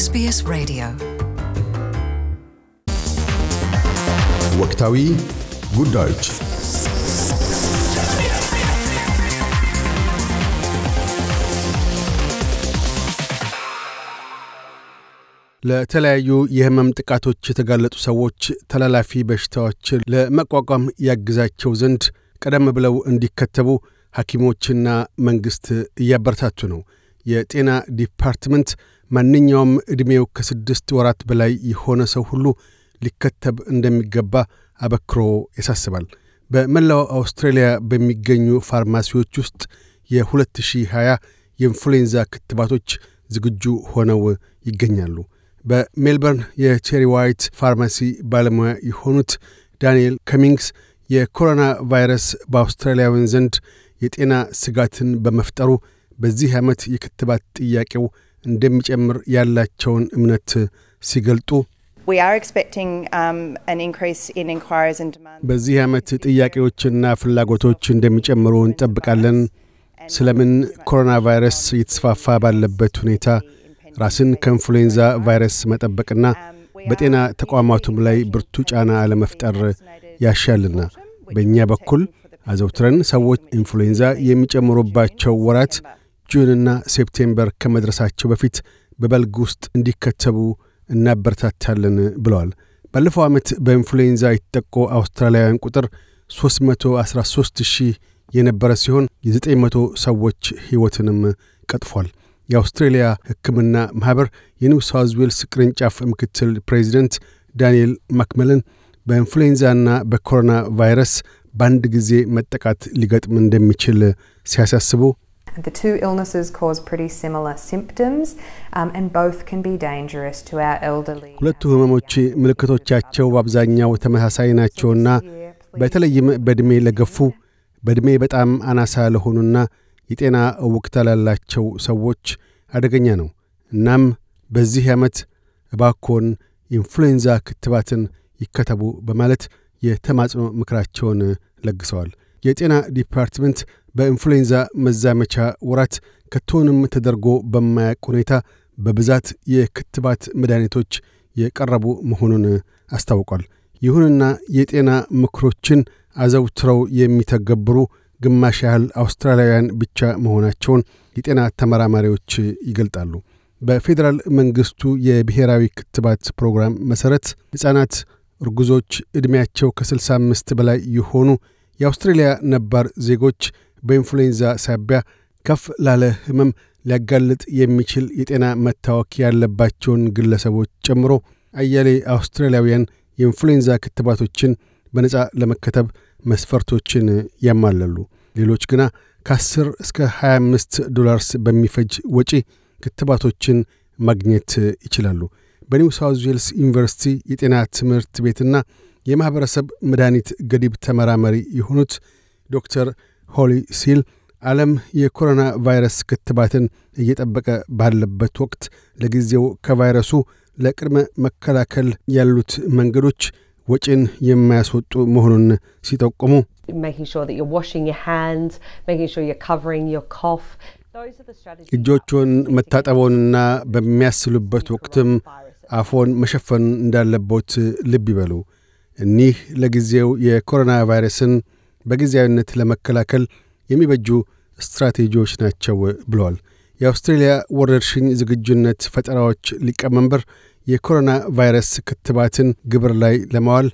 ኤስቢኤስ ሬዲዮ ወቅታዊ ጉዳዮች ለተለያዩ የህመም ጥቃቶች የተጋለጡ ሰዎች ተላላፊ በሽታዎችን ለመቋቋም ያግዛቸው ዘንድ ቀደም ብለው እንዲከተቡ ሐኪሞችና መንግሥት እያበረታቱ ነው። የጤና ዲፓርትመንት ማንኛውም ዕድሜው ከስድስት ወራት በላይ የሆነ ሰው ሁሉ ሊከተብ እንደሚገባ አበክሮ ያሳስባል። በመላው አውስትራሊያ በሚገኙ ፋርማሲዎች ውስጥ የ2020 የኢንፍሉዌንዛ ክትባቶች ዝግጁ ሆነው ይገኛሉ። በሜልበርን የቼሪ ዋይት ፋርማሲ ባለሙያ የሆኑት ዳንኤል ከሚንግስ የኮሮና ቫይረስ በአውስትራሊያውያን ዘንድ የጤና ስጋትን በመፍጠሩ በዚህ ዓመት የክትባት ጥያቄው እንደሚጨምር ያላቸውን እምነት ሲገልጡ um, በዚህ ዓመት ጥያቄዎችና ፍላጎቶች እንደሚጨምሩ እንጠብቃለን። ስለምን ኮሮና ቫይረስ እየተስፋፋ ባለበት ሁኔታ ራስን ከኢንፍሉዌንዛ ቫይረስ መጠበቅና um, በጤና ተቋማቱም ላይ ብርቱ ጫና አለመፍጠር ያሻልና በእኛ በኩል አዘውትረን ሰዎች ኢንፍሉዌንዛ የሚጨምሩባቸው ወራት ጁንና ሴፕቴምበር ከመድረሳቸው በፊት በበልግ ውስጥ እንዲከተቡ እናበረታታለን ብለዋል። ባለፈው ዓመት በኢንፍሉዌንዛ የተጠቆ አውስትራሊያውያን ቁጥር 313 ሺህ የነበረ ሲሆን የ900 ሰዎች ሕይወትንም ቀጥፏል። የአውስትሬሊያ ሕክምና ማኅበር የኒው ሳውዝ ዌልስ ቅርንጫፍ ምክትል ፕሬዚደንት ዳንኤል ማክመለን በኢንፍሉዌንዛና በኮሮና ቫይረስ በአንድ ጊዜ መጠቃት ሊገጥም እንደሚችል ሲያሳስቡ The two illnesses cause pretty similar symptoms um, and both can be dangerous to our elderly. ሁለቱ ህመሞች ምልክቶቻቸው በአብዛኛው ተመሳሳይ ናቸውና በተለይም በዕድሜ ለገፉ በዕድሜ በጣም አናሳ ለሆኑና የጤና እውቅታ ላላቸው ሰዎች አደገኛ ነው። እናም በዚህ ዓመት እባኮን ኢንፍሉዌንዛ ክትባትን ይከተቡ በማለት የተማጽኖ ምክራቸውን ለግሰዋል። የጤና ዲፓርትመንት በኢንፍሉዌንዛ መዛመቻ ወራት ከቶንም ተደርጎ በማያቅ ሁኔታ በብዛት የክትባት መድኃኒቶች የቀረቡ መሆኑን አስታውቋል። ይሁንና የጤና ምክሮችን አዘውትረው የሚተገብሩ ግማሽ ያህል አውስትራሊያውያን ብቻ መሆናቸውን የጤና ተመራማሪዎች ይገልጣሉ። በፌዴራል መንግስቱ የብሔራዊ ክትባት ፕሮግራም መሠረት ሕፃናት፣ እርጉዞች፣ ዕድሜያቸው ከ65 በላይ የሆኑ የአውስትሬልያ ነባር ዜጎች በኢንፍሉዌንዛ ሳቢያ ከፍ ላለ ህመም ሊያጋልጥ የሚችል የጤና መታወክ ያለባቸውን ግለሰቦች ጨምሮ አያሌ አውስትራሊያውያን የኢንፍሉዌንዛ ክትባቶችን በነፃ ለመከተብ መስፈርቶችን ያማለሉ። ሌሎች ግና ከ10 እስከ 25 ዶላርስ በሚፈጅ ወጪ ክትባቶችን ማግኘት ይችላሉ። በኒው ሳውዝ ዌልስ ዩኒቨርሲቲ የጤና ትምህርት ቤትና የማኅበረሰብ መድኃኒት ገዲብ ተመራመሪ የሆኑት ዶክተር ሆሊ ሲል ዓለም የኮሮና ቫይረስ ክትባትን እየጠበቀ ባለበት ወቅት ለጊዜው ከቫይረሱ ለቅድመ መከላከል ያሉት መንገዶች ወጪን የማያስወጡ መሆኑን ሲጠቁሙ እጆቹን መታጠቦንና በሚያስሉበት ወቅትም አፎን መሸፈን እንዳለቦት ልብ ይበሉ። እኒህ ለጊዜው የኮሮና ቫይረስን በጊዜያዊነት ለመከላከል የሚበጁ ስትራቴጂዎች ናቸው ብለዋል። የአውስትሬልያ ወረርሽኝ ዝግጁነት ፈጠራዎች ሊቀመንበር የኮሮና ቫይረስ ክትባትን ግብር ላይ ለማዋል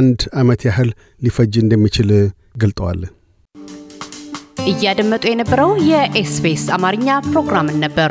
አንድ ዓመት ያህል ሊፈጅ እንደሚችል ገልጠዋል። እያደመጡ የነበረው የኤስቢኤስ አማርኛ ፕሮግራምን ነበር።